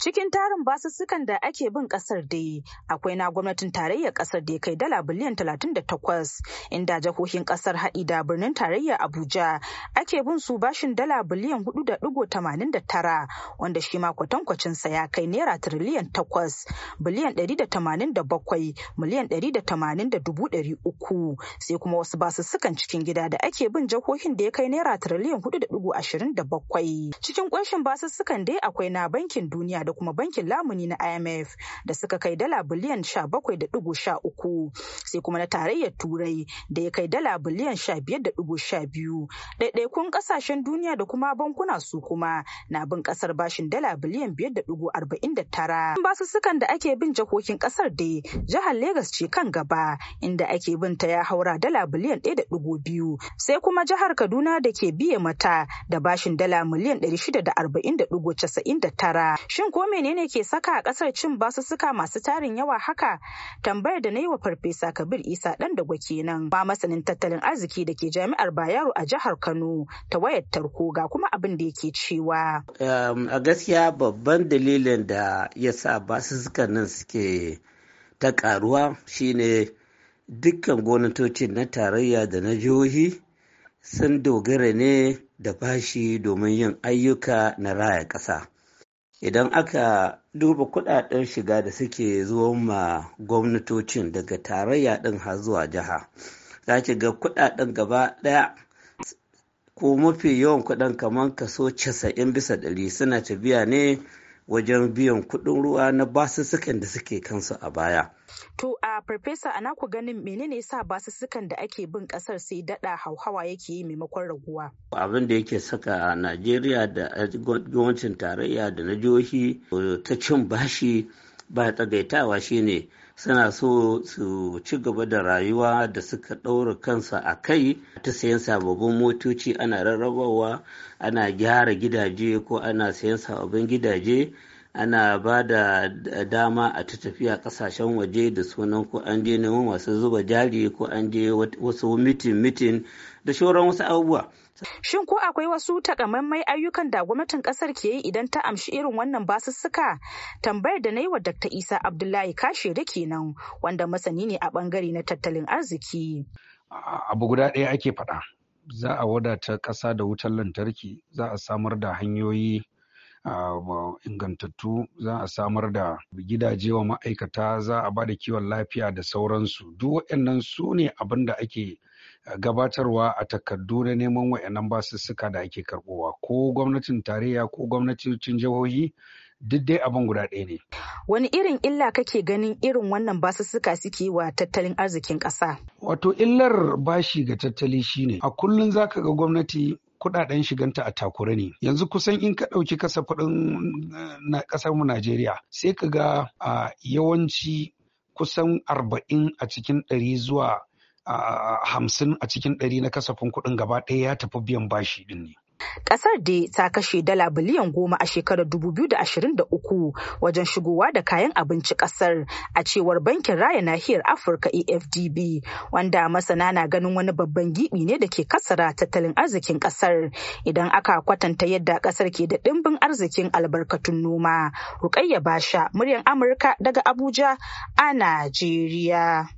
Cikin tarin basussukan da ake bin kasar dai akwai na gwamnatin tarayyar kasar da ya kai dala biliyan 38 inda jihohin kasar haɗi da birnin tarayyar Abuja ake bin su bashin dala biliyan 4.89 wanda shi ma kwatankwacin sa ya kai naira tiriliyan 8 biliyan 187 miliyan 180.300 sai kuma wasu basussukan cikin gida da ake bin jihohin da ya kai naira tiriliyan 4.27 cikin kunshin basussukan dai akwai na bankin duniya da kuma bankin lamuni na IMF da suka kai dala biliyan 17.13 sai kuma na tarayyar turai da ya kai dala biliyan 15.12 ɗaiɗaikun ƙasashen duniya da kuma bankuna su kuma na bin ƙasar bashin dala biliyan 5.49 arba'in da ake bin jakokin ƙasar da jihar Legas ce kan gaba inda ake bin ta ya haura dala biliyan biyu, sai kuma jihar Kaduna da ke biye mata da bashin dala miliyan 640.99 shin ko menene ke saka kasar cin basussuka masu tarin yawa haka tambayar da na yi wa farfesa kabir isa dan dagwa kenan ba masanin tattalin arziki da ke jami'ar bayero a jihar kano ta wayar tarko ga kuma abin da yake cewa a gaskiya babban dalilin da ya sa basussukan nan suke ta karuwa shine dukkan gwamnatoci na tarayya da na jihohi sun dogara ne da bashi domin yin ayyuka na raya ƙasa idan aka duba kudaden shiga da suke zuwa ma gwamnatocin daga tarayya din har zuwa jiha za ki ga kudaden gaba daya ko mafi yawan kudin kamar kaso 90 bisa ɗari suna tafiya ne wajen biyan kuɗin ruwa na basussukan da suke kansu a baya. To a farfesa ana ku ganin menene sa basussukan da ake bin ƙasar sai daɗa hauhawa yake yi maimakon raguwa? Abin da yake saka a Najeriya da gwamnatin tarayya da na jihohi ta cin bashi ba tsagaitawa ne suna so su ci gaba da rayuwa da suka ɗaura kansa a kai ta sayan sababbin motoci ana rarrabawa ana gyara gidaje ko ana sayan sababbin gidaje ana ba da dama a ta tafiya kasashen waje da sunan ko an je neman masu zuba jari ko an je wasu mitin mitin da shauran wasu abubuwa. Shin ko akwai wasu takamaimai ayyukan da gwamnatin kasar ke yi idan ta amshi irin wannan basussuka? Tambayar da na yi wa Dr. Isa Abdullahi kashe da kenan wanda masani ne a bangare na tattalin arziki. Abu guda ɗaya ake faɗa. Za a wadata ƙasa da wutar lantarki, za a samar da hanyoyi ingantattu za a samar da gidaje wa ma'aikata za a ba da kiwon lafiya da sauransu duk waɗannan su ne abin da ake gabatarwa a takardu na neman waɗannan basussuka da ake karɓowa ko gwamnatin tarayya ko gwamnatocin jihohi duk dai abin guda ɗaya ne. Wani irin illa kake ganin irin wannan basussuka suke wa tattalin arzikin ƙasa? Wato illar bashi ga tattali shine a kullum zaka ga gwamnati kudaden shiganta a takure ne yanzu kusan in ka ɗauki kasafin na ƙasar mu Najeriya sai ka ga a yawanci kusan arba'in a cikin ɗari zuwa hamsin a cikin ɗari na kasafin kuɗin gaba ɗaya ya tafi biyan bashi ɗin ne Kasar da ta kashe dala biliyan goma a shekarar 2023 wajen shigowa da kayan abinci kasar a cewar bankin raya nahiyar Afirka AFDB wanda masana na ganin wani babban gibi ne da ke kasara tattalin arzikin kasar idan aka kwatanta yadda kasar ke da dimbin arzikin albarkatun noma. Rukayya Basha, muryar Amurka daga Abuja a Najeriya.